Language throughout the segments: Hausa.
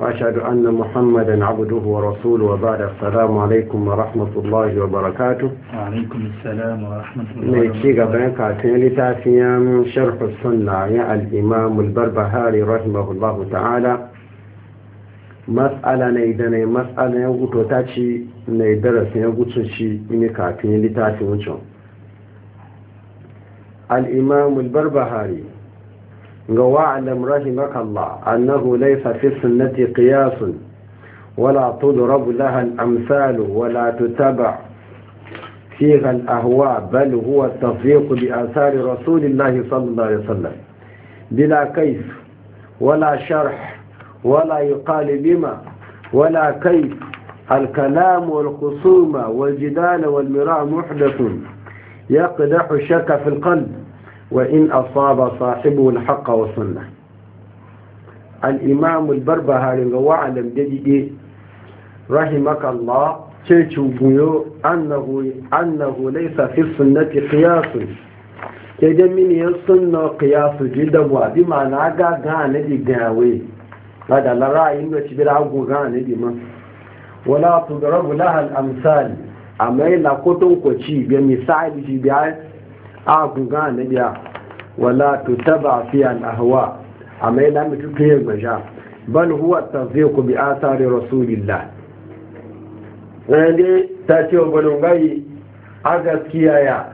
وأشهد أن محمدا عبده ورسوله وبعد السلام عليكم ورحمة الله وبركاته وعليكم السلام ورحمة الله وبركاته نيشيغا بنكا تنلتا فيام شرح السنة يا الإمام البربهاري رحمه الله تعالى مسألة نيدنا مسألة يغوتو تاتشي نيدرس يغوتو شي إنكا تنلتا فيونشون الإمام البربهاري واعلم رحمك الله أنه ليس في السنة قياس ولا تضرب لها الأمثال ولا تتبع فيها الأهواء بل هو التصديق بآثار رسول الله صلى الله عليه وسلم بلا كيف ولا شرح ولا يقال بما ولا كيف الكلام والخصومة والجدال والمراء محدث يقدح الشك في القلب Wai in a saba saɗibu lahaƙa wasannan. Al'imma'a mulbar Buhar Rigo wacce namdadi ke? Rahima kallah, ceciw biyo, an naho laifin suna tafi kiyasun. Kada mini yanzu suna kiyasu jirgin ruwa, duk ma na ga Ghana na gayawe? Na da larai in ci gida abu Ghana na dima. Wala abu da rabu lahan amsari, amma ina ci, ya misali jibiye? a gunga ya. wala taba fi al-ahwa amma yana mutu ke gbaja bal huwa tasdiqu bi athari rasulillah wanda ta ce gwanin gai a gaskiya ya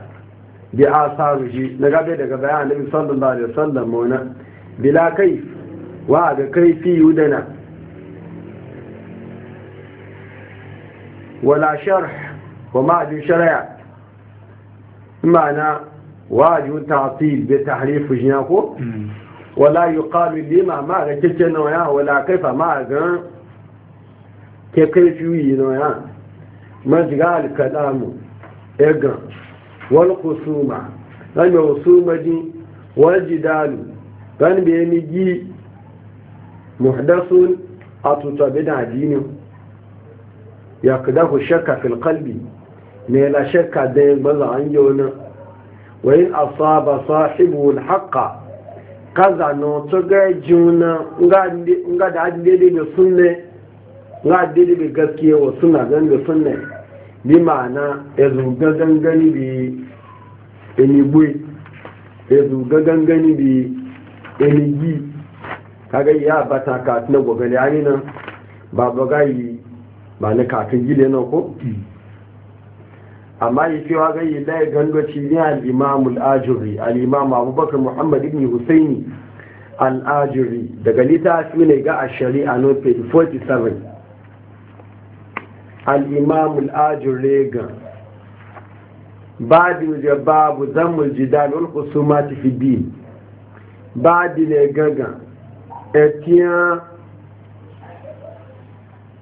bi asaru shi na gabe daga bayan annabi sallallahu alaihi wasallam mona bila kai wa ga kaifi yudana wala sharh wa ma'adin shari'a ma'ana wajibin tasil bai tahrifu jiya ko wala yuqalu lima ma ga kike na ya wala kaifa ma ga ke kai fiyi na ya majiga al-kalamu ega wal khusuma dan be khusuma di wal jidalu dan be ni gi muhdathun atutabida dinu yaqdahu shakka fil qalbi ne la shakka da bazan yona وإن أصاب صاحبه الحق kaza na tsogar juna nga da adi daidai da sunne nga da daidai da gaskiya wa suna gan da sunne bi ma'ana ya zuga gangani bi enigwe ya zuga gangani bi enigi kaga ya bata ka na gogale ani nan ba ba gayi ba na kafin gile na ko hmm. amma yi cewa ga yi laye gandoci ne al'imamul ajiri al'imam abubakar muhammad ibn husaini al'ajiri daga littafi ne ga a nufin 47 47 al'imamul ajiri ga babu da babu zammul jidal wal khusumati fi din babu ne gaga etiyan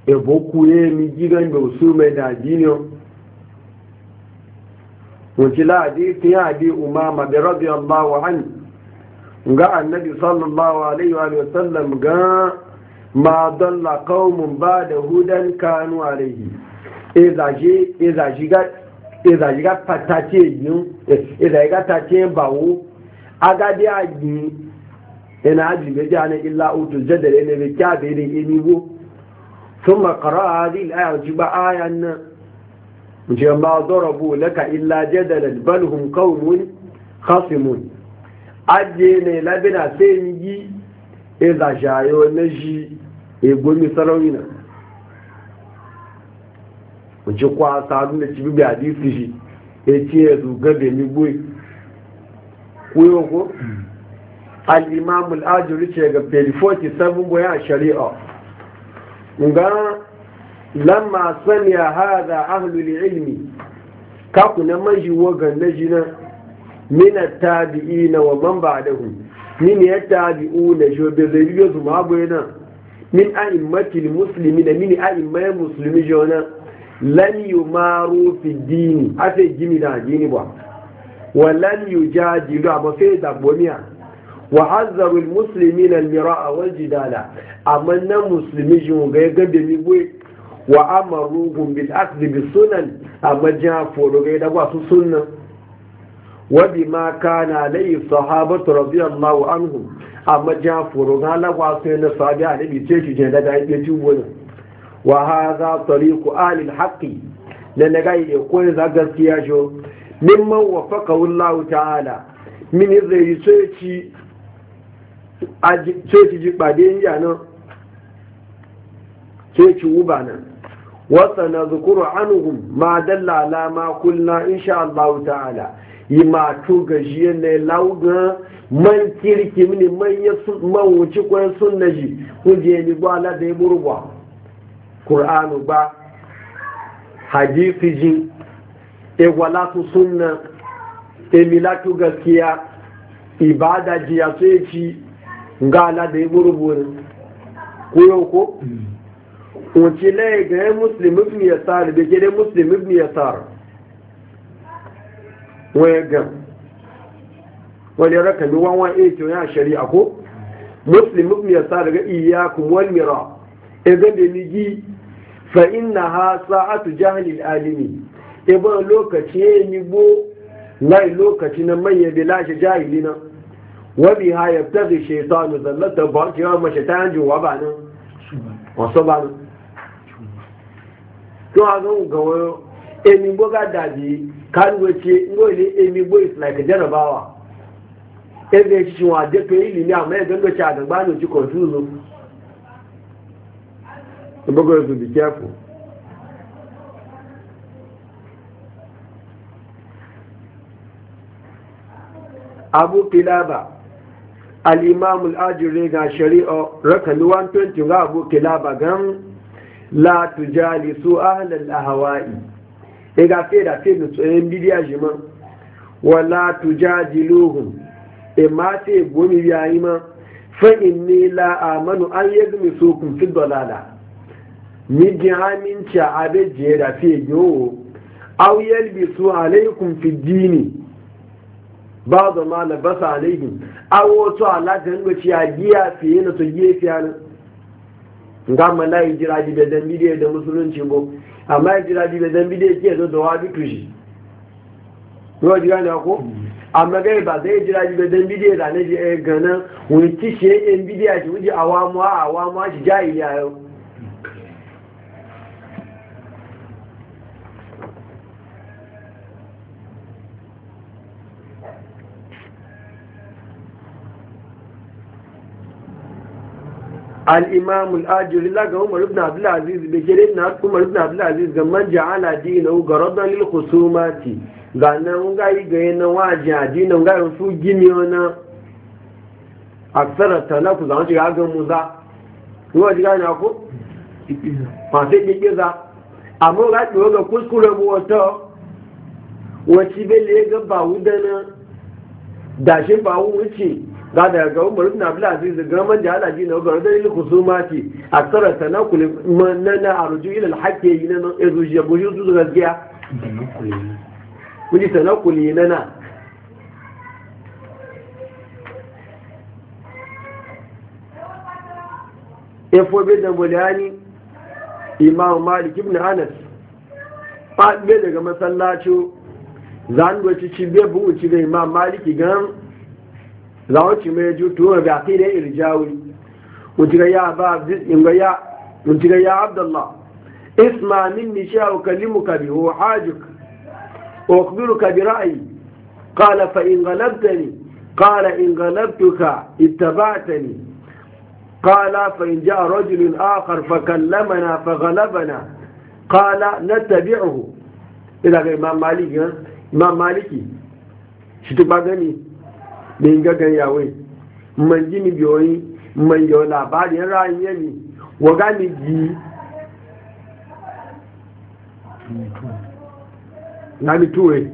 ebokuye mi gigan da usumai da diniyo وكلا حديث أبي أمامة رضي الله عنه قال النبي صلى الله عليه وآله وسلم قال ما ضل قوم بعد هدى كانوا عليه إذا جي إذا جي إذا جي فتاتي يوم إذا جي فتاتي باو أغادي أجي إن أجي بجانا إلا أوتو الجدل إن بكابر إني ثم قرأ هذه الآية وجب آية je ma darabu laka illa jadalan bal hum qaumun khasimun aje ne labina sai yi e da jayo na ji e gomi sarauna je kwa ta ne ci bi hadisi ji e ci e du gabe mi boy kuyo ko al imam al ajuri ce ga 47 boya shari'a ngan لما سمع هذا أهل العلم كقنا مجي وغنجنا من التابعين ومن بعدهم من يتابعون جو بذلية مابينا من أئمة المسلمين من أئمة المسلمين جونا لن يماروا في الدين أفي جميلا دين بوا ولن يجادلوا أما فيدا بوميا وحذروا المسلمين المراء والجدالة أما نمسلمين جونا يقدم بوي wa amaruhum bil asli bis sunan amma ja foro ga da wasu sunna wa ma kana alayhi sahabatu radiyallahu anhum amma ja foro ga la wasu ne sahabi bi ce shi je da dai yake tubo ne wa hadha tariqu ahli al haqqi ne na ile ko ne za gaskiya jo mimman wafaqa wallahu ta'ala min zai sai ci a sai ci ji bade yana ceci ci uba nan وسنذكر عنهم ما دل على ما قلنا إن شاء الله تعالى ima to gajiye ne lauga man kirki mini man ya man wuci ko sunna ji kuje ni ba la da burba qur'anu ba hadisi ji e wala tu sunna e gaskiya ibada ji ya ci ngala da burbu ko ko wace laye ga ya muslim ibn yasar da ke dai muslim ibn yasar waya ga wani rakami 118 ya shari'a ko muslim ibn yasar ga iyakum wal mira e ga da nigi fa innaha sa'atu jahli al alimi e ba lokaci ya ni bo yi lokaci na manya da lashe jahilina wa biha yabtaghi shaytanu zallata ba kiyama shaytan juwa ba nan wasu ba nan tó a zan ga wayo emigbo ga dabi kanuwe ce ngo ile emigbo is like jarabawa ebe echichi wa de pe ama ebe ndochi agagba na ochi confuse obogo ezu be careful abu kilaba al-imam ga shari'a rakami 120 ga abu kilaba gan la su ahlal ahwa'i e ga fe da fe no tsoyen bidiya jima la tujadiluhum e ma te gomi biyayi ma fa inni la amanu an su kun fi dalala mi ji aminci abe je da fe yo aw su alaykum fi dini ba'd ma labasa alayhim aw to ala dan go ya giya fiye na to giye fiye nga mala jira ji dan bidiyo da musulunci bo amma jira ji dan bidiyo ke zo da bi tushi ruwa jira na ko amma ga ba zai jira ji dan bidiyo da ne ji eh, ganan wani tishe yan bidiyar shi wuji awamu ji shi ya yau alimamul imamul ajiulila ga umarnin suna zunazulazul a bishiyar da kuma ajiulila suna zunazulazul a bishiyar manja ana ajiyar da kuma garo da nili kusumati da anan wani gani ajiyar da wani gani ajiyar da wani ganin sun gini na aksarota na ga mu za kuma wani ce ya ga yi maganin a cikin cikin wanzu ya gbe gbe za amma wani zan yi maganin da kuma suku ga da ga umar ibn abdul aziz ga man da alaji na ga da il khusumati aksara tanakul man na arju ila al haqqi ina na izu je buju su gaskiya kuli tanakul ina na efo be da bulani imam malik ibn anas fa be daga masallaci zan gwaci ci be bu ci ga imam maliki gan za a ci mai ju tuwa bi aqida irjawi mutiga ya ba inga ya mutiga ya abdullah isma minni sha ukallimuka bi wa hajuk wa akhbiruka bi ra'yi qala fa in ghalabtani qala in ghalabtuka ittaba'tani قال فإن جاء رجل آخر فكلمنا فغلبنا قال نتبعه إذا إمام مالك إمام مالكي شتبقى غني ɗin gagan yawai man ni biyoyi man yau labarin ra'ayin yami wa gani ji na mituwe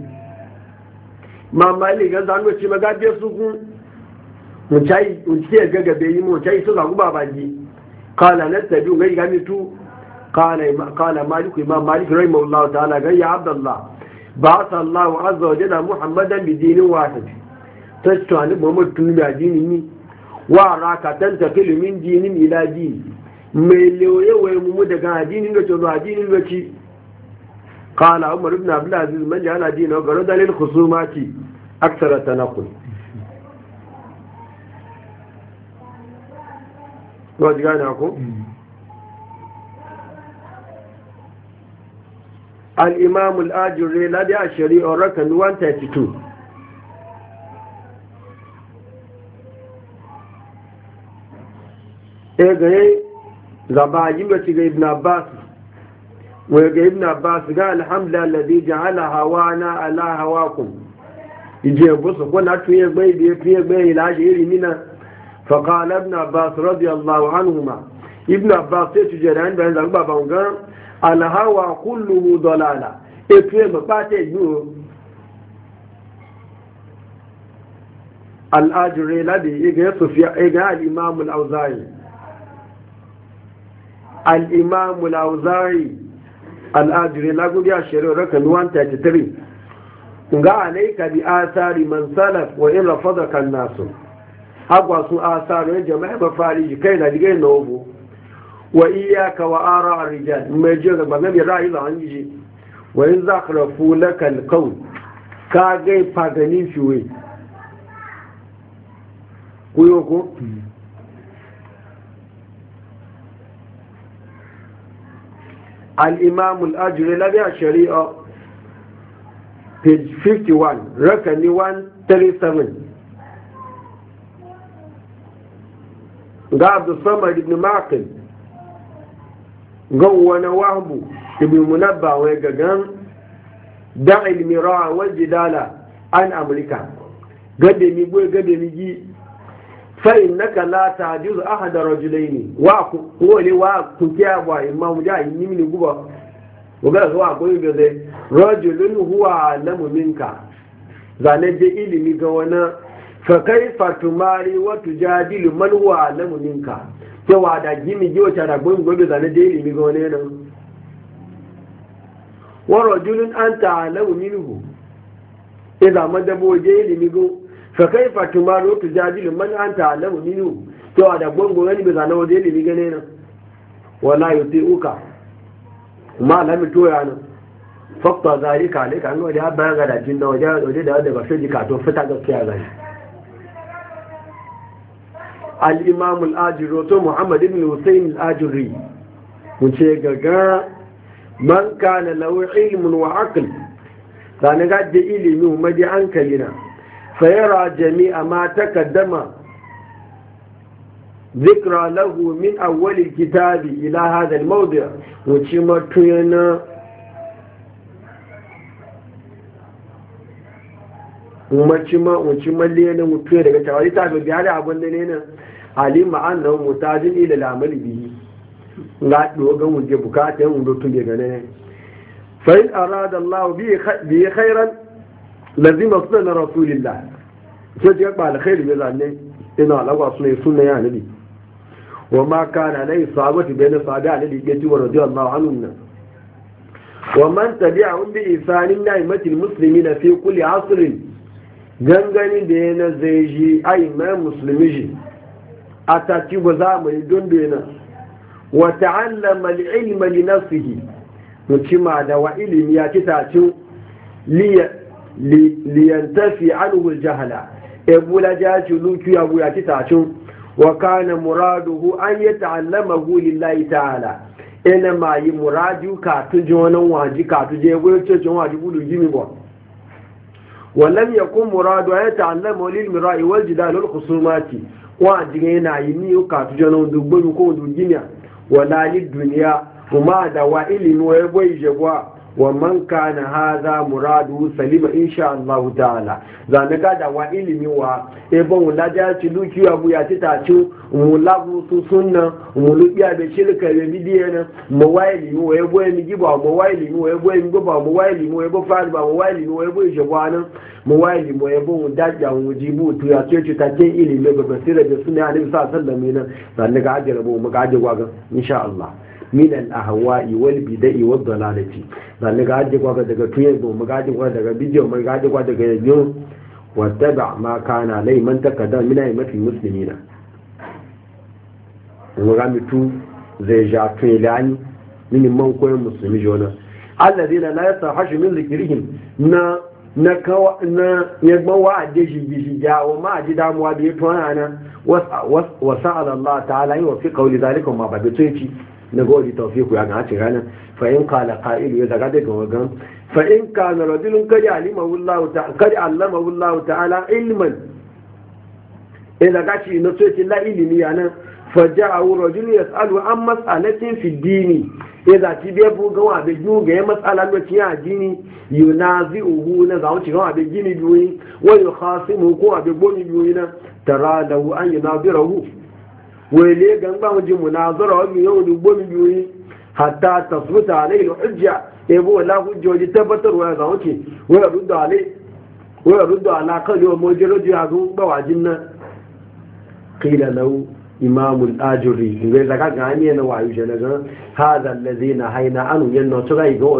mamali ga zangoci e magabiyar e sukun muciyar e gagabe yi mucayi su ba ji, kala na tabi ga ga mitu kala maliku imam malik rai maulawa ta'ala ga ya Abdullah, ba sallahu azza wa jalla muhammadan bidinin wasit ta ci tunanin muhammad tunu mai ajini ni wa raka tan ta fili min jinin ila jini mai lewaye waye mu daga ajini ga tono ajini ga ci qala umar ibn abdul aziz man ja'ala dinahu garada lil khusumati akthara tanaqul Wadi gane ku? Al-Imam al-Ajurri Ladi Ashari on Rakan 132 e ga yi zaba yi mace ga ibn abbas wai ga ibn abbas ga alhamdulillah alladhi ja'ala hawana ala hawakum ije busu ko na tuye gbai biye tuye gbai ila shiri mina fa qala ibn abbas radiyallahu anhuma ibn abbas sai tuje da an bayan zaba ban ga al hawa kulluhu dalala e tuye ba pate ju al ajri labi ga sufiya ga al imam al auza'i al'imamu lauzari al'ajirin ya shari'a rakan 133 ga alaika bi asari man salaf wa in rafada kan nasu agwa sun asari jama'a mafari kai na digai na obo wa iya wa ara a rijal mai jiya da bangami bi ra'ayi da ji wa in za ka rafu laka alkaun ka gai fagani fiye ku yi الإمام الأجر لدى الشريعة page 51 ركني 137 عبد الصمد بن معقل قوة وهب ابن منبع ويقان دع المراء والجدال عن أمريكا قدمي بوي قدمي جي fa'in na ka lata juzu aha da rajulai ne wa kowane wa kukiya ba imma mu yi yi mini guba wagara zuwa goyi ga zai rajulun huwa lamu minka zane je ilimi ga wani fakai fatumari wata jadilu man huwa lamu minka cewa da gimi ji wata da goyi gobe zane je ilimi ga wani nan wa rajulun an ta lamu minhu idan madabo je ilimi ga fa kaifa tumaru tujadilu man anta alamu minhu to da gongo gani bai zana waje ilimi gane nan wala yuti'uka ma lam toya nan fakta zalika alayka an waje ba ga da jin da waje waje da da ba sai to fita gaskiya gani al-imam al-ajri to muhammad ibn husayn al-ajri mun ce gaga man kana lahu ilmun wa aql sanin ga da ilimi mu madi hankalina فيرى جميع ما ta kaddama له من أول الكتاب إلى هذا الموضع وشمتنا umarcima umarcima lenin daga cewa ita ga biya da abin da nena halima an na wani mutu a jin ila lamar biyu ga wuce bukatar wuce tunge ganin fa'in a radar lawo biya lazima suna na rasulillah sai ji ba alkhairi bai zanne ina alagwa suna yi suna ya nabi wa ma kana na isabati bai na sabi a nabi ya ji wa radiyallahu anhu nan wa man tabi'ahum bi isanin musulmi na fi kuli asirin. gangani da yana zai ji ai mai musulmi ji a taci ba za mu yi don bena wa ta'allama al-ilma li nafsihi mutuma da wa ilimi ya kitacin liya liyantafi anuhu jahala ebu la jaci lutu ya buya ti tacu wa kana muraduhu an ya ta'allamahu lillahi ta'ala ina ma yi muradi ka tu ji wani waji ka tu je gwe ce jin waji budu gimi bo wa lam yakun muradu an ya ta'allamahu lil mirai wal jidal wal khusumati wa ji ga yana yi ni ka tu ji wani dubbu ko dubbu gimi wa lali duniya kuma da wa ilimi wa gwe je gwa wa man kana hadha muradu salima insha Allah ta'ala zanaka da wa ilimi wa ebon wulaja ci duki wa buya ti ta ci mulabu su sunna mulubiya be shirka be bidiye na mo wa mo ebo mi gibo mo waili mo ebo mi gibo mo waili mo ebo fa ba mo waili mo ebo je bwana mo waili mo ebo daja mujibu tu ya ce ci ta ce ilimi ga basira da sunna ne sa sallamina zanaka ajira bo mu ga ajira ga insha Allah min al-ahwa'i wal bida'i wad dalalati dan ga aje kwa daga tuye go mu ga aje kwa daga bidiyo mu ga aje kwa daga yanyo wattaba ma kana lai man takada min ayyati muslimina mu ga mitu zai ja tuye lani min man koyon musulmi jona alladhina la yatahashu min dhikrihim na na kawa na yagba wa aje shi bishi jawo ma ji damuwa da ya tona na wasa Allah ta'ala yi wa fi qawli zalika ma ba bi tuyi na gode tawfiku ya ga rana fa in qala qa'ilu ya daga daga wagan fa in kana rajulun kad alima wallahu ta'ala kad allama wallahu ta'ala ilman idan ga shi na so ce la ilimi yana fa ja'u rajul yas'alu an mas'alatin fi dini idan ti be bu ga wa be ju ga mas'ala no ci ajini yunazi'uhu na za ci ga wa be gini duyi wa yukhasimu ko wa be gomi duyi na tara lahu an yunazirahu wele ga ngbanwe ji munazara oge ihe olugbo miliyoyi hatta tasbuta alayhi hujja ebo wala hujjoji tabbatarwa ya zama ce ya rudo alai waya ala kan yau mojero ji a zuwa bawajin nan qila lahu imamul ajuri ngai daga gani na wayu je daga hadha alladhina hayna anu yanna to gai go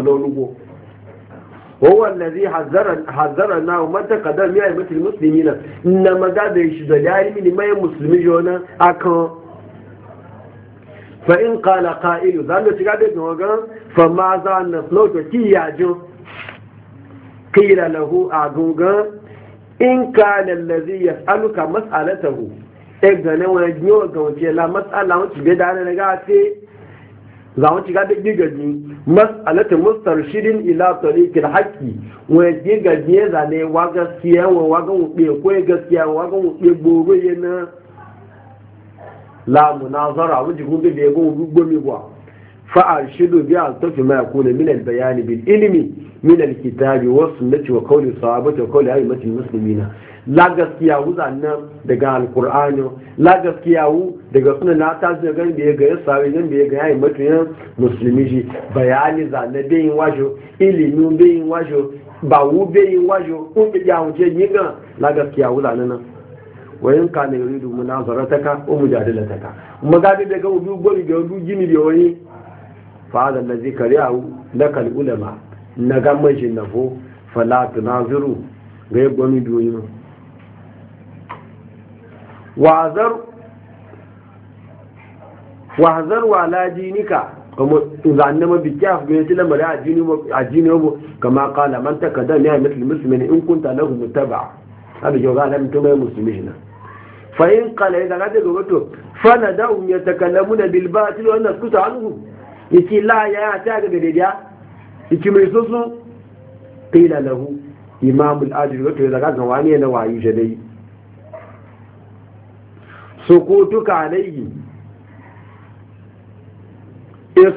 fa in qala qa'ilu zan da shiga da gogan fa ma za na sloka ki ya jo qila lahu a gogan in kana allazi yas'aluka mas'alatahu e gane wa yo ga wace la mas'ala wace be da na ga ce za mu ci gaba giga ji mas'alatu mustarshidin ila tariqil haqqi wa giga ji za ne wa gaskiya wa wa ga mu be gaskiya wa ga mu be yana la munazara wajen gobe da ya gobe gobe kuwa فأرشدوا بألطف ما يكون من البيان بالعلم من الكتاب والسنة وقول الصحابة وقول أئمة المسلمين gaskiya daga la gaskiya daga sunan na ta zuwa gan ga yasa gan ga yayi musulmi ji bayani bayin wajo ilimi bayin wajo ba wu bayin wajo kun bi ya wuce ni gan la gaskiya zana wayin ka ne yuridu munazarataka wa mujadalataka kuma ga da daga ubu gori da ubu gini da wani fa da allazi kariyahu lakal ulama na ga mashi nafo fala tunaziru ga yagwami duniya wazar wazar wala dinika kuma zanne ma a ga yace lamari a jini a jini kama kala man takadda ne a musulmi in kunta lahu mutaba abi yau ga alamin to mai musulmi na fahim kala ya zaga daga wato fana da um ya takallamu na bilbatil wanda su ta hannu yace la ya ya ta daga ya yace mai soso qila lahu imamul adil wato ya zaga kan wani na wayi da dai sukutuka alayhi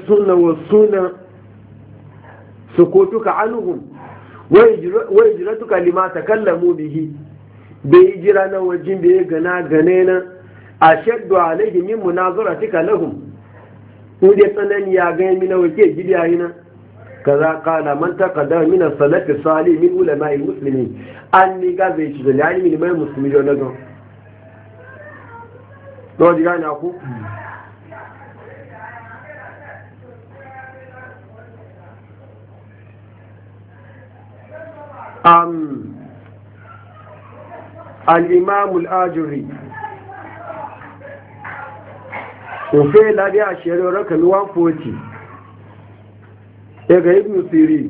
suna wa suna sunna sukutuka anhum wa ijratuka lima takallamu bihi bai jira na wajen da ya gana gane na a shaddu laifin min munazara tika lahum ku dai tsanani ya ga min na wake gidiya yi na kaza qala man taqaddama min as-salafi sali min ulama al Musulmi? an ni ga zai zali an yi ni mai musulmi da nago to diga na ku um al'imamul ajiri ofe labi a shirin rakan 140 daga ibn siri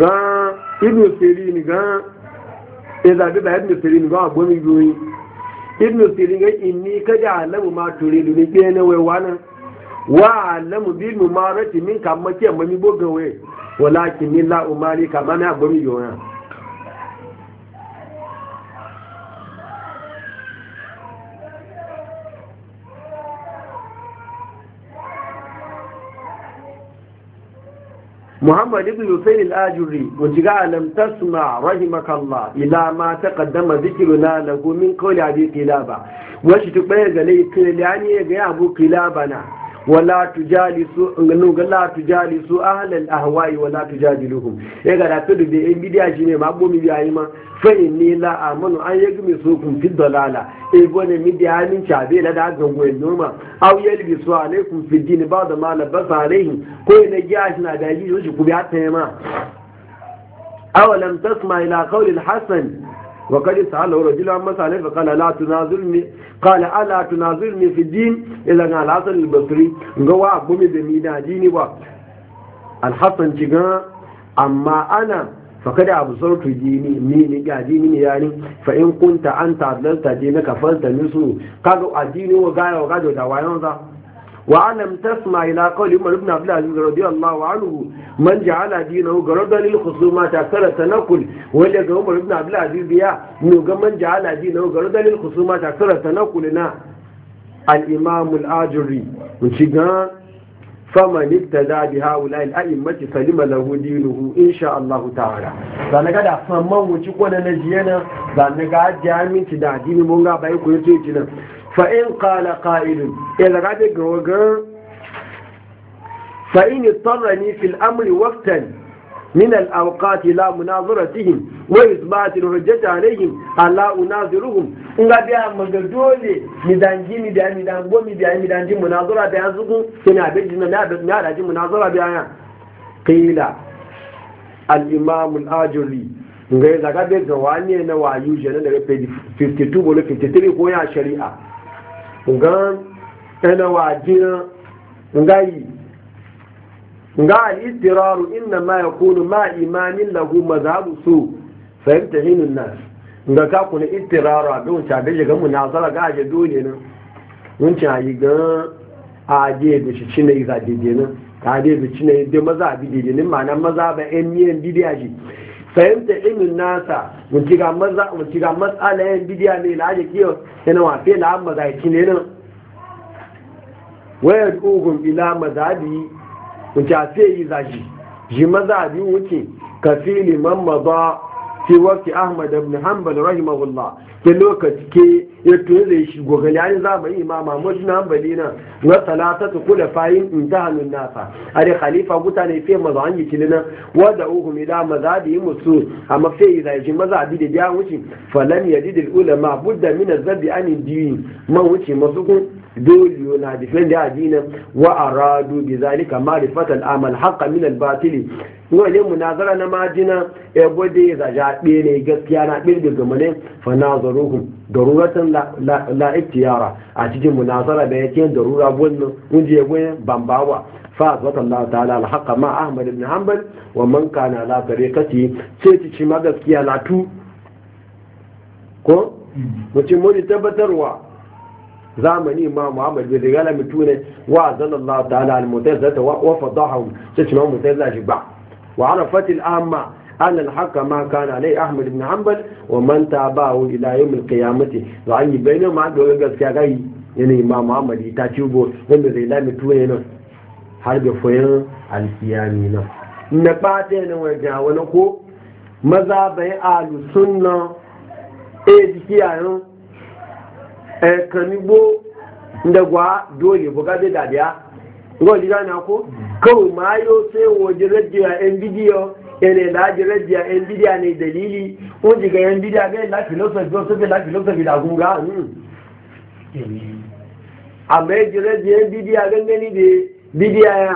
ga ibn siri ni ga izabi ba ibn siri ni ga abuwa mai biyoyi ibn siri ga inni kaji alamu ma turidu ni biya na waiwa wa alamu bi mu marati min kam ma ke mami boga we walakin ni la umari kam ana gomi yona muhammad ibn husayn al-ajuri wa jiga alam tasma rahimaka allah ila ma taqaddama dhikruna lahu min qawli abi qilaba wa shi tukbaya ga lay kilani ga abu qilaba na wala tujalisu nganu ga la tujalisu ahlal ahwa'i wala tujadiluhum e ga da tudu be in bidiya shine ma bo mi biya ma fa inni la amanu an su kun fi dalala e bone mi biya min be la da gango en noma aw su alaikum fi din ba mala ma labasa alaihi ko ne ga shi na da yi shi ku biya ta ma awalam tasma ila qawli alhasan وقد سأل رجل عن مسألة فقال لا تنازلني قال ألا تنازلني في الدين إلا أن الحسن البصري قوى أقومي بمينا ديني و الحسن شقا أما أنا فقد أبصرت ديني مين جا ديني يعني فإن كنت أنت أدللت دينك فلت نسو قالوا الدين وقايا وقايا ودوايا وعلم تسمع الى قول عمر بن عبد العزيز رضي الله عنه من جعل دينه غرضا للخصومات أكثر تنقل ولد عمر بن عبد العزيز يا من جعل دينه غرضا للخصومات أكثر تنقلنا الامام الاجري من شجان faman ibtada bi haula al a'immati salima lahu dinuhu insha Allah ta'ala dan ga da faman wuci ko na jiyana dan ga jami'in da addini mun fa'in ƙala ƙa'ilun ya zaga da gawagar fa'in tarrani fil amri waftan min al'auƙat ila munaziratihim wa isbatin hujjata alaihim in ga biya maga dole mi danji mi da mi dango mi da mi danji munazara da yanzu kun kina abin jina na da na da ji munazara da yana qila al imam al ajuri ngai daga be gawani na wayu jana daga 52 bolo 53 ko ya shari'a ngan ana wajina ngai nga al-istiraru inna ma yakunu ma imanin lahu madhhabu su fahimta hinun nas nga ka kuna istiraru a don cha na zara ga je dole nan mun cha yi ga a je da shi cine a dede na, ka je da cine da maza bi dede nan ma na maza ba en yen a shi fahimta ilimin nasa mutu ga matsala yin bidiya ne na aje kiyo yana wafe na an mazaiki ne nan Wayar ugun ila mazabi mutu a sai yi zaji ji mazabi wuce fili man maza fi wakti ahmad ibn hanbal rahimahullah ke lokaci ke ya tunze shi gogali an zama imam imama ibn hanbali na wa salatatu kula intahan an-nasa ari khalifa mutane ne fi mazo an yi na wa da uhum yi mazhabi musul amma yi zai shi mazabi da biya wuce falam ya ulama budda min az-zabi an din man wuce masu kun dole na defend da addinin wa aradu bi zalika ma'rifat al-amal haqqan min al-batil wani munazara na majina e eh, gode za jabe ne gaskiya na bir daga mane fa nazaruhum daruratan la iktiyara a cikin munazara da yake darura wannan kunje goyen bambawa فأثبت الله تعالى الحق مع أحمد بن حنبل ومن كان على طريقته سيتي شما gaskiya na tu ko mutum mm-hmm. muni tabbatarwa zamani ma muhammad bai zigala mutu ne wa zanen na ta ala almutai zata wa fada hau sai cima mutai za shi ba wa ana fatil amma ana haka ma kana lai ahmad ibn hanbal wa manta ba wa ilayi mil mutu za a yi bayanin ma da wani gaskiya gai yana yi ma muhammad ita ci bo wanda zai lami tuwe nan har da foyin alkiyami nan na ba ta yana wajen wani ko maza bai alusun eh, nan eh jikiya ẹ̀kànnìgbò ndẹ̀gbà dóòlì bọ́gádé dàdíá ngọ́ ìdíjá ni kó kawai ma yóò ṣe wo jẹ́rẹ́dìá ẹ̀ńbídíọ́ ẹ̀rẹ̀ là jẹ́rẹ́dìá ẹ̀ńbídíà ni dẹ̀lílì ó ti kẹ́ ẹ̀ńbídíà bẹ́ẹ̀ la philosophy ó sọ́fẹ́ la philosophy làgùn àmọ́ jẹ́rẹ́dìá ẹ̀ńbídíà gẹ́gẹ́ ní de bídíà yà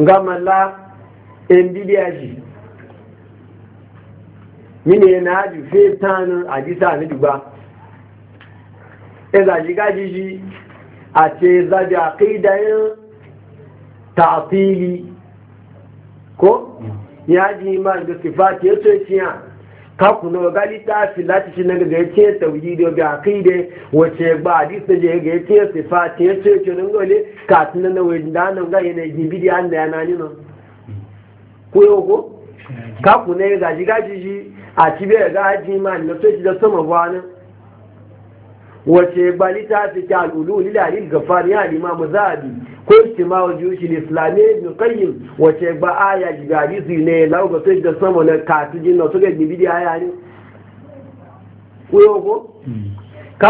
nga la ẹ̀ńbídíà jì mí ni ẹ̀ náà jù fẹ́ tán إذا جيكا جيجي أتي إذا بعقيدة تعطيلي كو يجي إيمان بصفات يتوشيان kaku na waga littafi lati shi naga ga yace tauhidi ga aqide ọ ba hadis da je ga yace sifati yace ce nan gole ka tun nan wai da nan ga yana gibidi an da yana ni nan ko yo ko kaku ne ga ji gaji ji a ci be ga ji ma na so shi da sama ba nan wace ba fi ta al'ulu lilalil gafari ya limamu zabi ko istima wa juyushi islami ibn qayyim wace ba aya gari su ne lawo ga sai da sama na katu jinna Na ga gibi da aya ne ko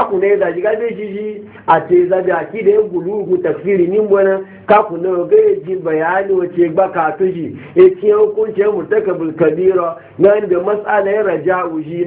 ku ne da jiga be jiji a te zabi a da ya gulu ku tafsiri nin bona ku ne ga ji bayani wace ba ka tuji e ki hukunce mutakabul kabira nan da mas'ala ya raja'u ji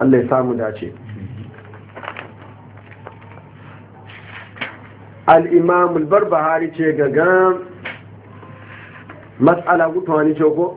Allah ya samu dace al-imam al-barbahari ce gaga mas'ala gutawani ce ko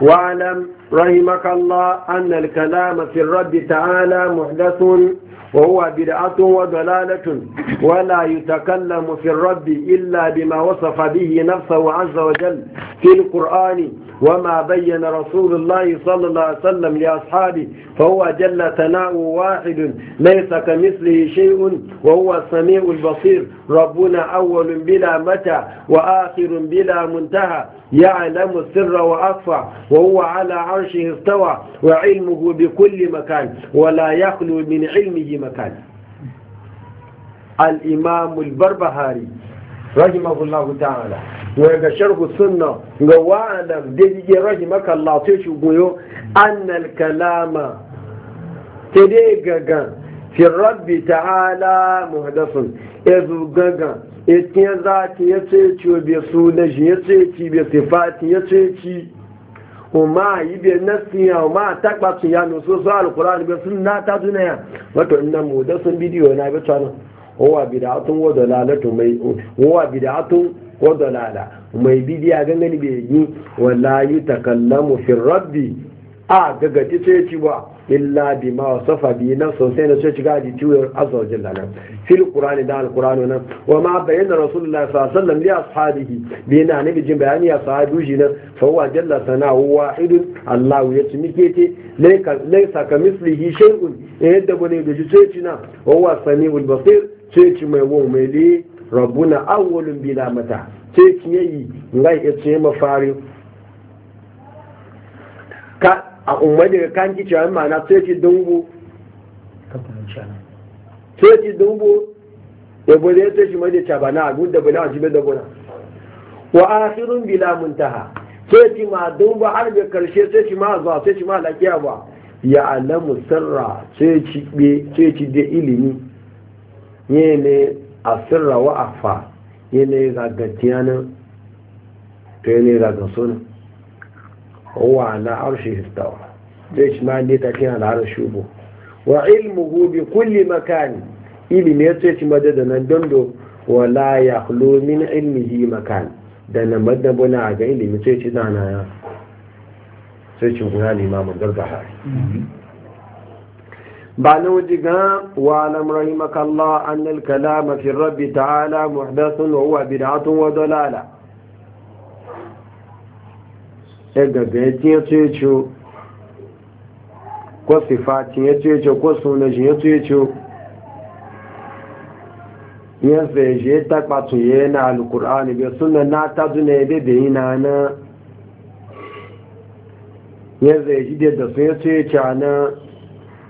wa'alam rahimakallah annal kalama fi rabbi ta'ala muhdathun وهو بدعة وضلالة ولا يتكلم في الرب إلا بما وصف به نفسه عز وجل في القرآن وما بين رسول الله صلى الله عليه وسلم لأصحابه فهو جل ثناؤه واحد ليس كمثله شيء وهو السميع البصير ربنا أول بلا متى وآخر بلا منتهى يعلم السر وأخفى وهو على عرشه استوى وعلمه بكل مكان ولا يخلو من علمه مكان الإمام البربهاري رحمه الله تعالى ويغا شرح السنة وعلم دي رحمك الله تشبه أن الكلام تديقا في الرب تعالى مهدف ezu gaga etin zati ya ce ci bi na shi ya ce ci bi sifati ya ce ci kuma yi nasi ya kuma takba su ya nusu su alkurani bi sun na ta tuna ya wato ina mu da sun bidiyo na bi tsanan huwa bid'atun wa dalalatu mai huwa bid'atun wa dalala mai bidiya gangan bi yi wala takallamu fi rabbi a gagati ce ci ba illa bi ma wasafa bi nan sosai na sai shiga ji ciwo azza wajin lana fil qur'ani da al qur'ani nan wa ma bayyana rasulullah sallallahu alaihi wasallam li ashabihi bi na ne jin bayani ya sahabi shi nan fa huwa jalla sana wahidun allah ya ci mikete laisa ka mislihi shay'un eh, yadda bane da jice ci na wa huwa samiul basir sai ci mai wo mai li rabbuna awwalun bila mata sai ci yayi ngai ya ce mafari a umar daga kan kici cewa ma'ana sai ci dungu sai ci dungu ya bude ya sai shi mai da cabana a gudu da bula a jibe da bula wa shirin bila muntaha sai ci ma dungu har da karshe sai ci ma zuwa sai ci ma lafiya ba ya alamu sirra sai ci da ilimi ne a sirra wa afa ne ga ta yi ne ga gasunan هو على عرشه استوى ليش ما عندي تكين على عرشه بو وعلمه بكل مكان إلي ميتش مدد نندندو ولا يخلو من علمه مكان دانا مدن بنا عجا إلي ميتش دانا يا سيش مغنى الإمام الغربحاري بعد وجهها وعلم رحمك الله أن الكلام في الرب تعالى محدث وهو بدعة وضلالة ya gaga ya tiye tuyeciyo ko sifatin ya tuyeciyo ko sunajin ya tuyeciyo yin zai ya taɓa tuye na alkur'ani bai suna na ta na ya bai yi na na yin zai ji da su ya tuyeciyo na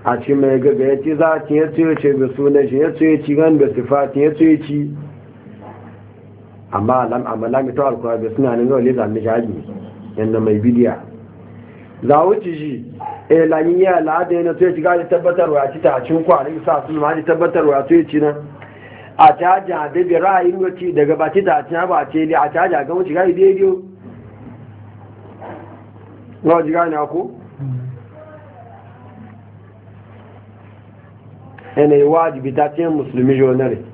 a ci mai gaga ya ci za ta ya tuyeciyo bai sunajin ya tuyeci gan bai sifatin ya tuyeci amma alam amma lamito alkur'ani bai suna nan gawa leza mai shaji yadda mai bidiya za wuce shi e eh, lanyin yi al'ada yana to ya ci gaji tabbatarwa ya ci ta cin kwanin sa su ma ji tabbatarwa to ya ci nan a caja a dabi ra'ayin wacce daga ba ci ta cina ba ce ne a caji a gama ci gaji daidai ga na ku yana yi wajibi ta ce musulmi jonare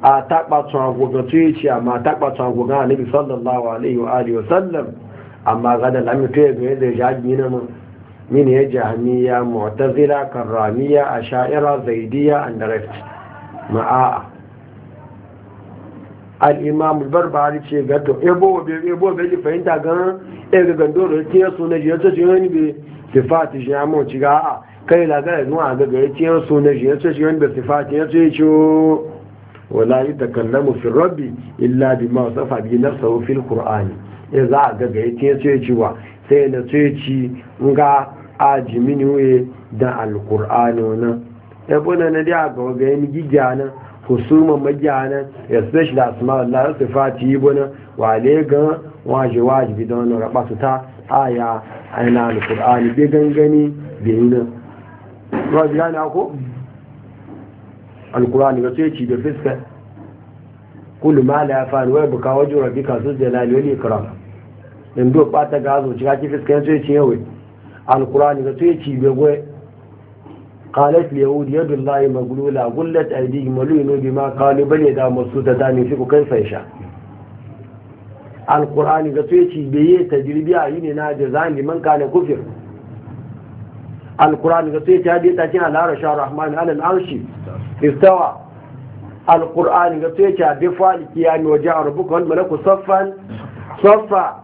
a taɓa tsohon agogon tuyi ce amma taɓa tsohon agogon a nabi sallallahu alaihi wa sallam amma ga da lamitu ya gaya da jagi na mu min ya jahamiya mu'tazila karramiya asha'ira zaidiya and the rest ma'a al-imam al-barbari ce ga to ebo be ebo be ji fahimta gan e ga gando da tiya suna ji yace ji wani be sifati ji amma ci ga a kai la ga nuwa ga ga tiya suna ji yace ji wani be sifati yace ci wala yatakallamu fi rabbi illa bima wasafa bi nafsihi fil qur'ani ya za a gaga ya ce tsoyaci wa sai na tsoyaci nga a jimini wuye da alkur'ani wani ebuna na da ga waga yin gigiya nan husuma magiya nan especially da asma Allah su fati yi ibuna wale ga waje waje wajibi don wani raba su ta aya aina alkur'ani bai gangani bai yi nan wajen yana ko alkur'ani ga tsoyaci da fiskar كل ما لا يفعل ويبكى وجه ربك ذو الجلال والإكرام in do bata gazo ci kake fiskan sai ce yawai alkurani ga sai ci begwe qalat li yahudi yadullahi maglula gullat aydihim malunu bima qalu bal yada masuda da ne fiku kai faisha alkurani ga sai ci beye tajribi a yi ne na jazan liman kana kufir alkurani ga sai ci hadi ta cin al-arsha rahman al-arshi istawa alkurani ga sai ci bi faliki yani waja'a rabbuka wal malaku saffan saffa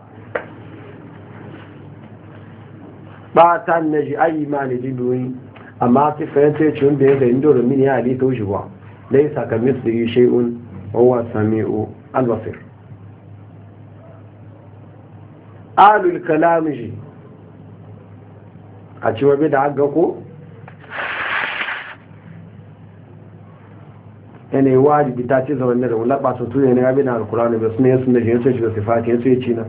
bata na ji ayi ma ji libiyoyi amma ta fahimta ce wanda ya zai dole mini ya ta wuce ba lai sakamis da yi shai'un sami o albasir alul kalam ji. a ci wabe da aga ko yana yi wajibi ta ce zaune da wula ba su tuye ne ya bi na alkura ne ba su ne ya sun da shi ya ce shi da ya ce ci na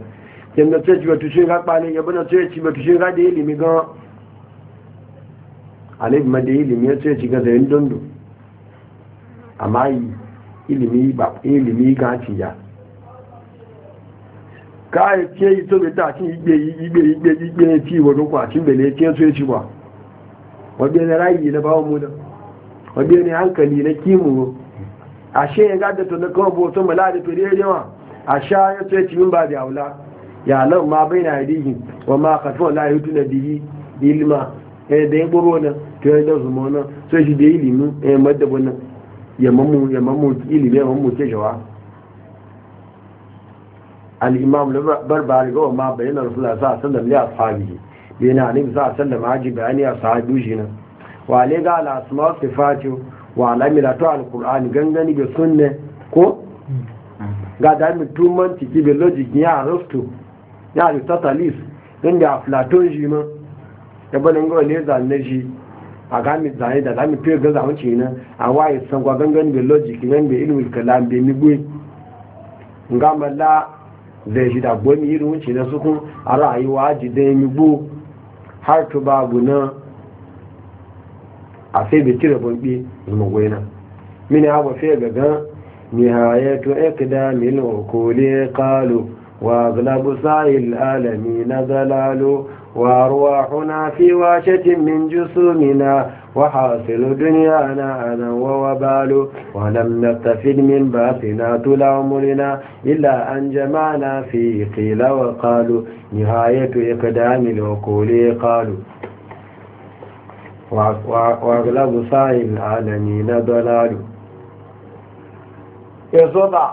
yadda sai ci batu shi haɓa ne yabi na sai ci batu shi haɗa ya limi gan alif ma da ya limi ya sai ci gaza yin dundu amma yi ilimi ba ilimi gan ci ya ka yi ce yi tobe ta ci igbe igbe igbe igbe ci wa dukwa ci bele ce sai ci wa wadda ne rayi na bawon mu da wadda ne hankali na kimu ashe ya gada to na kawo boton mala da fere yawa a sha ya sai ci min ba da aula ya lan ma bai na yadihi wa ma kafin la yutu na bihi ilma eh da ya buru na to ya da zuma na so shi da ilimin eh madda bana ya mamu ya mamu ilimin ya mamu ke jawa al imam barbari ga ma bayyana rasulullah sallallahu alaihi wasallam li ashabihi bayna annabi sallallahu alaihi sallam aji bayani ashabu shi na wa ne ga al asma fati? wa alamilatu al qur'an gangani bi sunne ko mm. ga da mutumanci ki bi logic ya rasul ya aristotelis don da platon ma ya bane ga wani zane shi a gami zane da zami fiye ga zaun ce na a waye san kwa gangan bai logic nan bai ilimin kalam bai migwe nga mala zai shi da gomi irin wuce na sukun a rayuwa ji da migbo har to babu na a sai bai cire bambi zuma goyina mini abu fiye ga gan nihayatu ikdamil ukuli qalu وأغلب سعي الآلمين ضلال وأرواحنا في واشة من جسومنا وحاصل دنيانا أنا ووبال ولم نتفد من باطنا طول عمرنا إلا أن جمعنا في قيل وقالوا نهاية إقدام العقول قالوا وأغلب سعي العالمين ضلال يصدع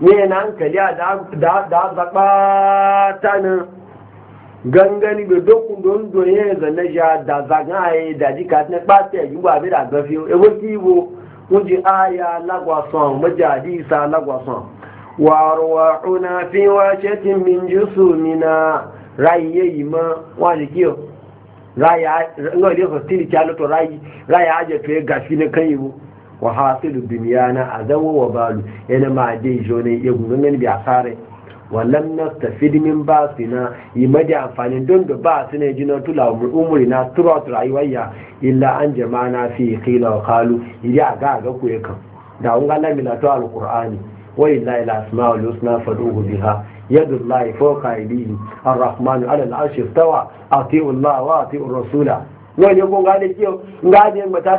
ne na hankali a da zaɓa ta nan gangani da dokun don doye da na ja da zagan aye da jika na ɓata e ya yiwuwa bai da gafi ewu kiwo wuji aya lagwason majadi sa lagwason waruwa una fi wace min jisu mina rayi yi ma ki o rayi ngọ́ ilé ọ̀sán tí ìkí alótọ̀ rayi rayi ajẹ́ fẹ́ gàfi ní kan yìí wa hasilu dunyana azawa wa balu yana ma dai jone ya gungan bi asare wallan nastafid min basina imadi amfani don da ba su ne jinar tula umuri na throughout rayuwar illa an jama'ana fi qila wa qalu ya ga ga ku yakan da un ga lamina to alqur'ani wa illa ila asma'ul husna fad'uhu biha yadu llahi fawqa aydihi arrahman ala al'arshi istawa ati'u allaha wa ati'u rasula wani ko ga da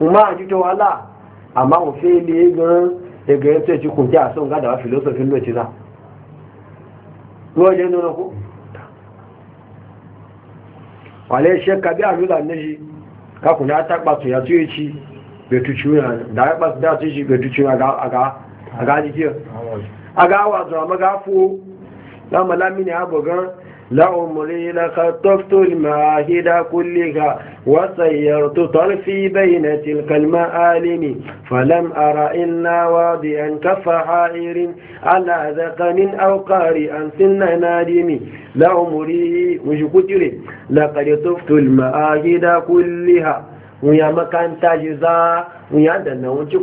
kuma a jito wala amma mu fi ne gan daga yin sai cikin kya son gada wa filosofin lokaci za wajen nuna ku wale shekka bi a lula na shi kaku na ta kpasu ya tuye ci betu ciwuna da ya kpasu da tuye ci betu ciwuna a ga jikiyar a ga wazo amma ga fo. na malami ne abu gan لعمري لخطفت المعاهد كلها وسيرت طرفي بين تلك المآلم فلم أرى إلا واضعا كفحائر على ذقن أو قارئا سن نادم لعمري مش كتري لقد طفت المعاهد كلها wuya makanta ji za wuya da na wuce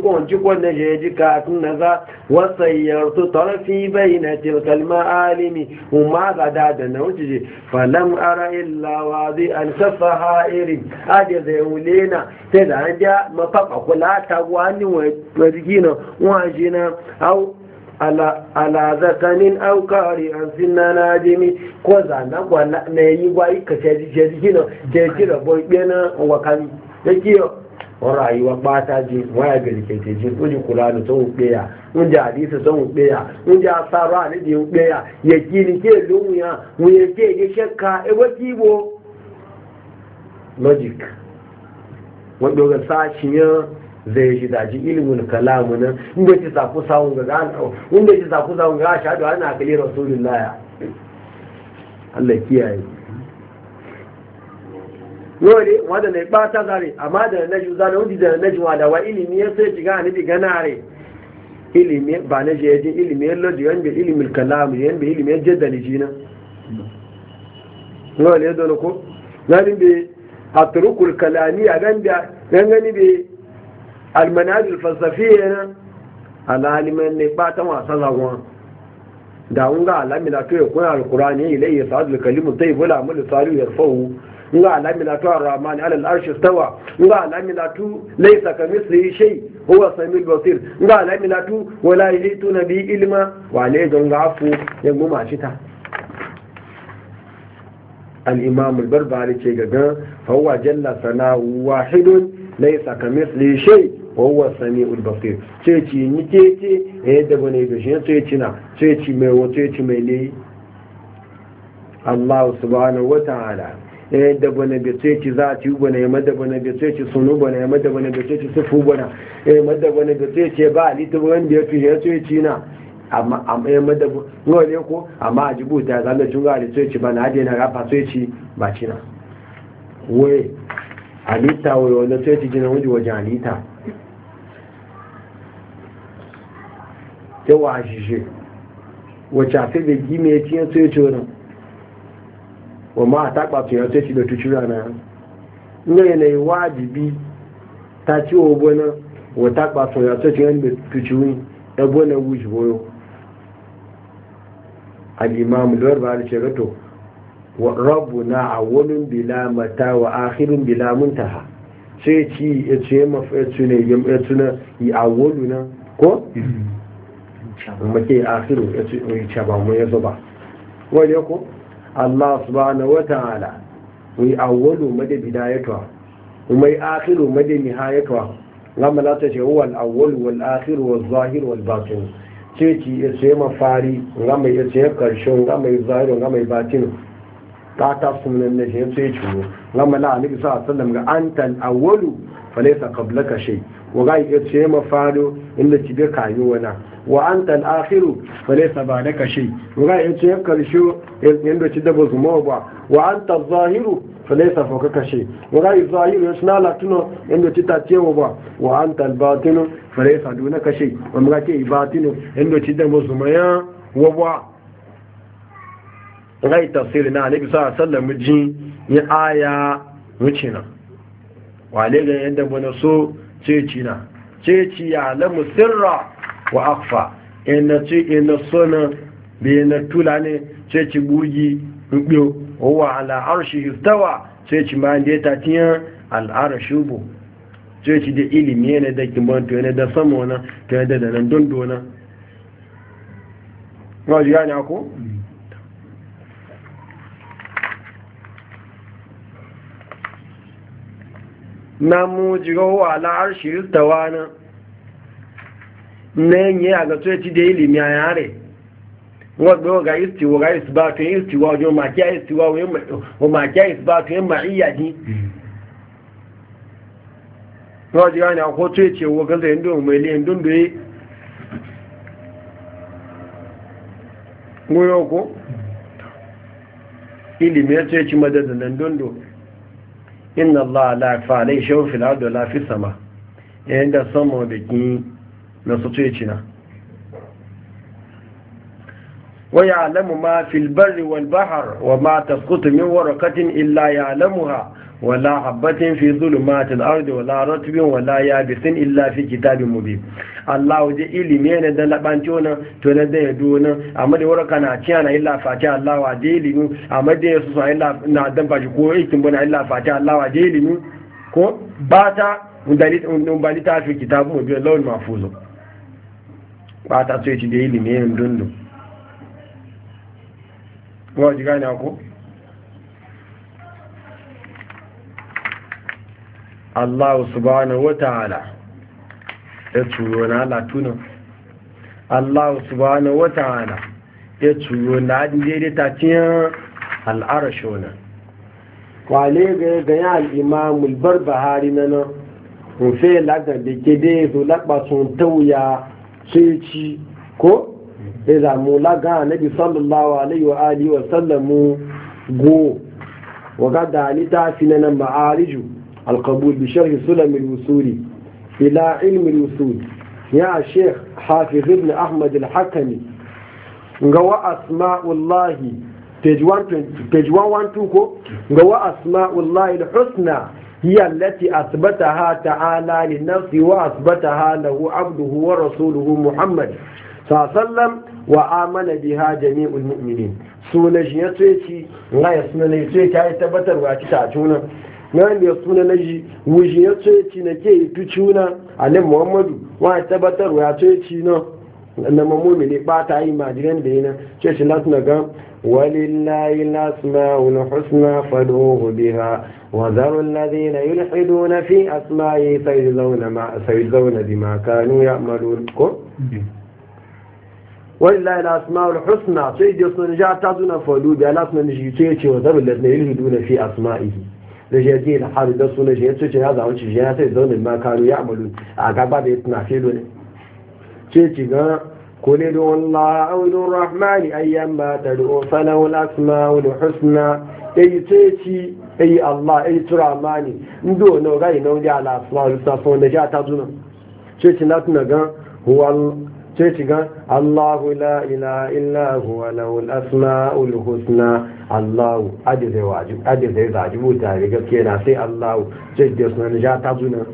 na shi ya ji katun na za wasayyartu tarafi bai na alimi ma'alimi ma ga da da na wuce je falam ara illa wa zai an safa ha'iri ade zai wule na sai da an ja mafaka kula ta wani wajigi na waje na au ala zakanin au kari an sinna na jimi ko zanen na yi gwai ka shaji shaji gina da ya bai na wakani kiyo wọn rayuwa bata ji waya ya galikete ji wọn ji kuranu sun wupe ya ndị ji hadisi sun wupe ya wọn ji asaru alidi ya ya kiri ke lomu ya wọn ya ke shakka ewa kibo logic wọn doga sashi ya zai shi daji ilimin kalamu nan ya ci saku sawun ga gano inda ci ga Allah yore wanda na ba ta zare amma da na ju zare da na ju wada wa ilimi ya sai shiga ne diga nare ilimi ba na je ilimi ya lodi yan bi ilimi kalam yan bi ilimi ni jina no ya don ko nan bi atrukul kalami a ganda a gani bi al manhajul falsafiyya na al aliman ne ba ta wasa zagon da ga alamila to ya kuna alqur'ani ilayhi sa'adul kalimu tayyibul amalu ya yarfa'u nga alamilatu arrahmani alal arshi stawa nga alamilatu laysa kamithlihi shay huwa samiul basir nga alamilatu wala yuhituna bi ilma wa la ya yangu mashita الإمام البربري تيغا فهو جل ثناؤه واحد ليس كمثله شيء وهو da البصير تيتي نيتي هيدا بني بشين mai تيتي مي mai مي لي الله سبحانه وتعالى Eh, da bane da ce ci za ci bane ya madda bane da ce ci sunu bane eh, ya madda bane da ce ci sufu na ya madda bane ce ba wanda ya ce ci na amma amma ya eh, madda ngo ne ko amma a jibuta za na tunga da ce ci bana na rafa ce ci ba ci na we alita wai wanda ce ci jina wuji wajen alita wacce a fi gime ya ya ce ci wa ma a taɓa tuyar sai shi da tucura na ina yanayi wajibi ta ci e wa gona wa taɓa wọ́n sai shi da ti ya gona wuce boyo al'imamu lawar ba da shagato wa rabu na awalin bila mata wa akhirin bila muntaha sai ci yi ko? Mm-hmm. E e ba ya ko? Allah subhanahu wa ta'ala wai awwalu mada bidayatuwa mai akhiru mada nihayatuwa lamma la ta shawu al awwal wal akhir wal zahir wal batin ce ci ya ce mafari ga mai ya ce karshen ga mai zahiro ga mai batin ta ta sunan ne ce ce ci lamma la annabi sallallahu alaihi wasallam ga antal awwalu falaisa qablaka shay wa ga ya ce ma fado inda tibe kayi wana wa anta al-akhiru falaisa ba'daka shay wa ga ya ce karsho inda ci da bazuma ba wa anta al zahiru falaisa fawkaka shay wa ga az-zahiru yasna latino inda ci ta cewa ba wa anta al-batinu falaisa dunaka shay wa ga ke batinu inda ci da bazuma ya wa ba rai tafsiri na alaihi sallallahu alaihi wasallam ji ya aya wuce nan wale ne yadda wani so ceci na ceci ya lamu sirra wa akfa ina ce ina na da yana tula ne ceci bugi rubio wa ala arshi yustawa ceci ma da ya tatiya al'arashi bu ceci da ilimi ne da kimban to ne da sama wana to ne da nan dondona. Ngaji gane ako? namu jirohu ala arshi yustawa e. na nan yi a gato ci da ilimi a yare wadda wa ga istiwa ga isbatu yin istiwa wajen makiya istiwa wa makiya isbatu yin ma'iyya ji wadda jira ne a kotu ya ce wa gaza yin don mai liyan don doye goyo ko ilimi ya ce ci na don doye inna Allah la yakhfa alayhi shay'un fil sama yayin da sama da kin na ويعلم ما في البر والبحر وما تسقط من ورقة إلا يعلمها ولا حبة في ظلمات الأرض ولا رتب ولا يابس إلا في كتاب مبين الله جاء إلي مينة دان لبانتونا تونا دي دونا أما دي ورقة ناتيانا إلا فاتح الله جاء إلي أما دي يسوسا إلا نادن فاجكو إيكتنبونا إلا فاتح الله جاء إلي كو باتا undalita في كتاب مبين lawul mafuzo باتا so دي إلي مينة yin dundun wa ji gane ko Allah subhanahu wa ta'ala ya turo na latunan Allah subhanahu wa ta'ala ya turo na daidai ta cikin al'arashona kwale ga ganyen al'imamul barbahari na nan rufe lagar da ke dai zo lagbasun tauya sai ci ko ila mu nabi sallallahu alaihi wa alihi wa sallamu go waga da ni ta fi nan ma'ariju alqabul bi sharh sulam al-wusuli ila ilm al ya sheikh hafiz ibn ahmad al-hakami ga wa asma'ullahi page 120 page 112 ko ga wa asma'ullahi al-husna هي التي أثبتها تعالى للنفس وأثبتها له عبده ورسوله محمد sallam wa amana biha jami'ul mu'minin suna shi ya ci na ya suna ne tsoci ya tabbatar wa kita tuna na ya suna na shi wuji ya ci na ke tu tuna alim muhammadu wa ya tabbatar wa ci na na mamomi ne ba ta yi majiran da yi na tsoci na suna ga walillahi lasma'ul husna faduhu biha wa zaru alladhina yulhiduna fi asma'i sayzawna ma sayzawna bima kanu ya'malun ko mm-hmm. walillahi al-asma'ul husna sai da sunan ja ta zuna fadu da Allah sunan shi ce ce wa zabil ladna yulhiduna fi asma'ihi da je je al da sunan shi yace ce ya zawo ci ya sai zaune ya amalu a gaba da yana fedo قل ادعوا الله او ادعوا الرحمن ايما تدعوا فله الاسماء الحسنى اي تيتي اي الله اي تراماني ندو نو غاي نو دي على اسماء الحسنى فون دجا تازونا تيتي ناتنا غان هو sai shiga Allahu la ilaha illa huwa lahul asmaul husna Allahu ajize wajibu ajize wajibu ga gaskiya na sai Allahu sai da sunan ja ta zuna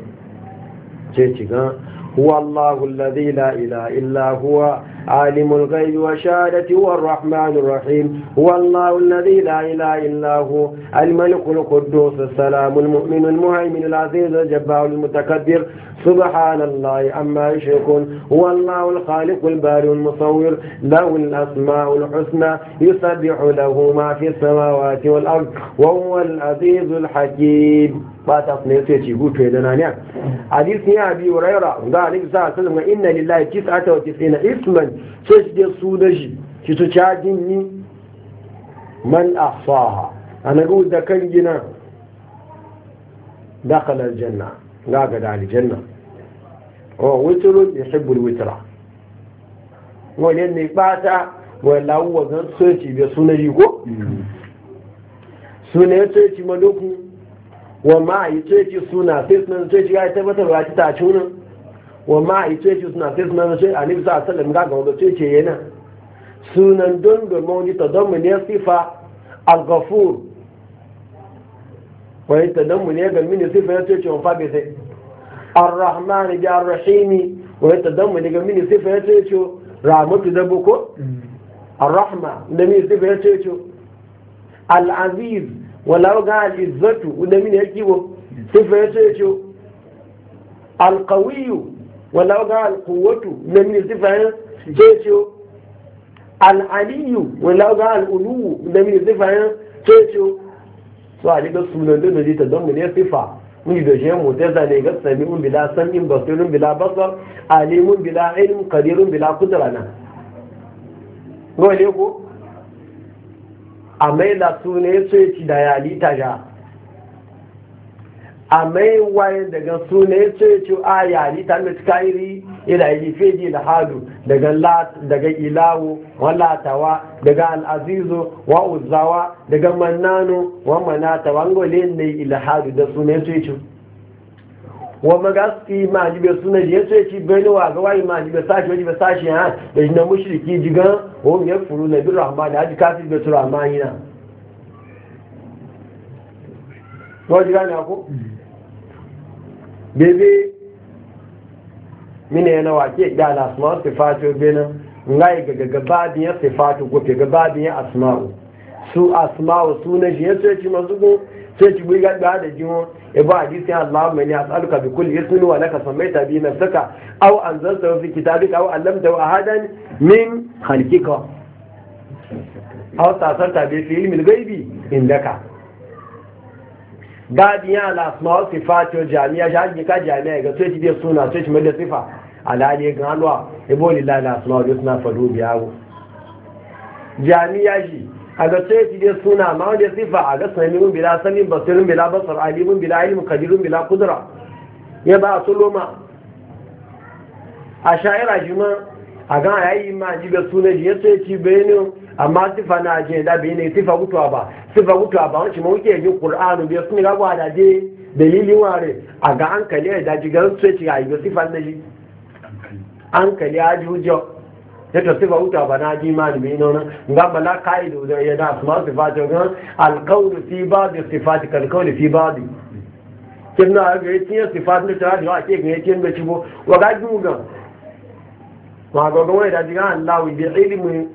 sai shiga huwa Allahu alladhi la ilaha illa huwa عالم الغيب والشهادة والرحمن الرحيم هو الله الذي لا إله إلا هو الملك القدوس السلام المؤمن المهيمن العزيز الجبار المتكبر سبحان الله عما يشركون هو الله الخالق البارئ المصور له الأسماء الحسنى يسبح له ما في السماوات والأرض وهو العزيز الحكيم ba ta suna yace ci gutu ya dana niya hadis ne abi huraira da alaihi sallallahu alaihi wasallam inna lillahi tis'ata wa tis'ina isman sai je su suna shi ki su cajin ni man afaha a na gudu da kan gina dakalar janna ga ga da aljanna o ya yuhibbul wutura wani ne bata wani lawuwa zan soci bai suna shi ko suna ya soci malukun wa ma yi soci suna sai suna soci ya tabbatar ba ta tashi wa ma a ce shi suna sai suna shi a nisa a salam ga ga wadatun ce yana sunan don domin wani ta don mu ne sifa al-gafur wani ta don mu ne ga mini sifa ya ce wa fabi sai ar-rahman ya rahimi wani ta don mu ne ga mini sifa ya ce Ramatu da boko ar-rahma da mini sifa ya ce al-aziz walau ga al-izzatu da mini ya kiwo sifa ya ce al-qawiyu walau ga alkuwatu na min sifayen ceciyo al'aliyu walau ga al'uluwu na min sifayen ceciyo su Ali da sunan da jita don mu sifa mun da shi mu ta zane ga sami'un bila sam'in basirin bila basar alimun bila ilm qadirun bila qudrana gole ko amai da sune sai ci da yali ta ja a mai waye daga suna ya ce ce a yari ta mai kairi ila yi feji da hadu daga ilawo wa latawa daga al'azizo wa uzawa daga mannano wa manata wa ngole ne ila hadu da suna ya ce ce wa magaski ma ji suna ya ce ce bani wa ga waye ma ji sashi wani be sashi ha da shi na mushriki jiga wa ya furu na bin rahman da haji kafir be turama yana Wọ́n jí ní bebe mine na wake da alasma'u sifatu bena ngai ga ya biyan sifatu ko gaba ya asma su asma su na shi yace ci masu ko sai ci buga da da jiwo e ba sai Allah mai ya tsaluka bi kulli ismin wa laka samaita bi nafsaka aw anzalta fi kitabika aw allamta ahadan min khalqika aw tasarta bi fi ilmi al-ghaibi indaka babu ya alasma wasu fatiyo jami'a shi hajji ka jami'a ga sai bai suna sai shi mai da sifa alali ga halwa ibo lillahi alasma wasu suna faru biyawo jami'a shi a ga sai shi bai suna ma wanda sifa a ga mun bila sami basirin bila basar alimin bila ilimin kadirun bila kudura ya ba su loma a sha'ira shi ma a gan ayayi ma ji ga suna ji ya sai ci bayanin amma sifa na ajiyar da bayanin sifa mutuwa ba sifa mutu a yin ba da je dalilin ware a ga hankali ya daji su ci yi sifa da shi hankali ya ji hujjo ya sifa ba na ji ma da ya da ga fi sifati fi ga da ta ke ci bo wa ga ma ga ga bi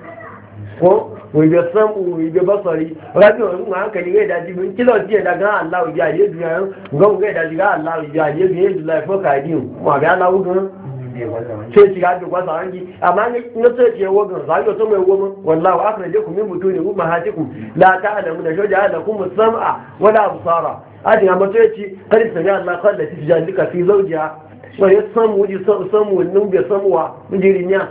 ko wòye sẹ́mpù wòye bọ́sọ̀rí ọ̀gájú ọ̀rún wọn kẹ̀lé rẹ̀ dájú bí kí lọ sí ẹ̀dá gan aláwọ̀ ìjọ àyè dùn ẹ̀rún ǹgbọ́n rẹ̀ dájú gan aláwọ̀ ìjọ àyè dùn ẹ̀dùn láì fọ́ kàdí wọn àbí aláwọ̀ gan ṣe ti ce pa sàrán jí àmá ní tó ti ẹwọ́ gan sàájọ tó mọ ẹwọ́ mọ́ wọ̀lá wà áfẹ́ lẹ́kùn mímú tó ní wúmọ̀ hajjíkù láta àdàmú nà ṣọ́jà àdàkùn mọ̀ sán à wọ́n dà sọ́ra a ti àmọ́ tó ti kẹ́lì sẹ̀rí àlàkọ́ lẹ́tí ti jàndí kàfi na wọ́n yẹ sánmù ní sánmù ní oúnjẹ sánmù wa ń jẹ́rìí ní à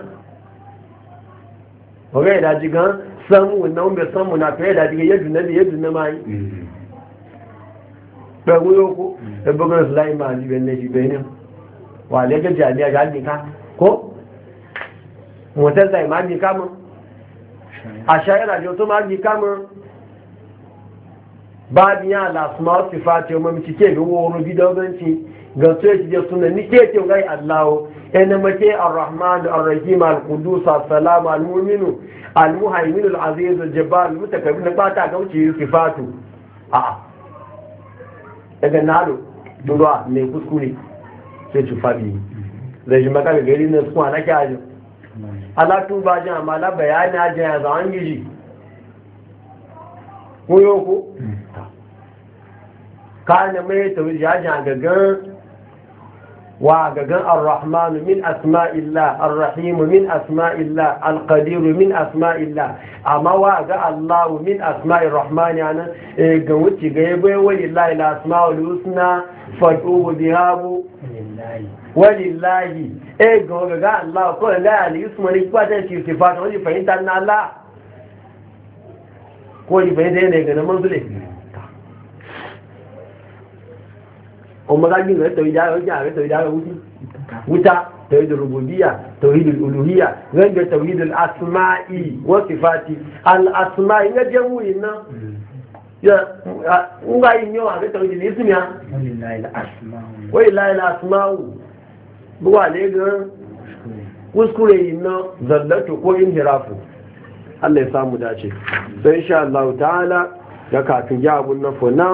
ìdájí gan san wannan bai san munafikai da diga yadda na yadda na mai ba mu yoko da mm. bugun sulai ma ji ben ne ji ne wa le ga jami'a ga ni ka ko motar da imani ka mu a shayara jo to ma ji ka mu ba biya la asma sifati mu mi cike ga woro bidoganci e ga tsoye ki je sunan ni ke ke ngai Allahu ina mace ar-rahman ar al-qudus al salam al-mu'min al-muhaymin al-aziz al-jabbar al-mutakabbir ba ta gauce sifatu a daga nalo duwa ne kuskure sai ci fabi zai ji maka gari na su ana kyaji ala tuba jin amma la bayani a jan yanzu an giji koyo ko hmm. kana mai tawji ajin gaggan وعجزان الرحمن من أسماء الله الرحيم من أسماء الله القدير من أسماء الله أما وعجا الله من أسماء الرحمن يعني قوتي قيبه ولله الأسماء الحسنى فادعوه ذهابه ولله إيه قوة الله قول لا الاسم لكبات في صفات ولي فإنت أن الله قولي فإنت أنا قنا منزلي ọmọ dájú rẹ̀ tọ́ ìdára ọjọ́ rẹ̀ tọ́ ìdára ojú wúta tọ́ìdì rògbòdíyà tọ́ìdì olùhíyà rẹ̀gbẹ̀ tọ́ìdì asmaì wọ́n ti fa ti asmaì ń gẹ́gẹ́ mú iná ń bá yìí ní ọ̀hún àti tọ́ìdì ní ìsinmi à. wọ́n yìí láìla asmaù bí wọ́n àlẹ́ gan-an kúskúrè iná zọ̀lọ́tò kó ń yẹra fò alẹ́ sáà mú dá ṣe. sọ ìṣe àlàó tààlà yà kàtúnjáàbù náà fò náà.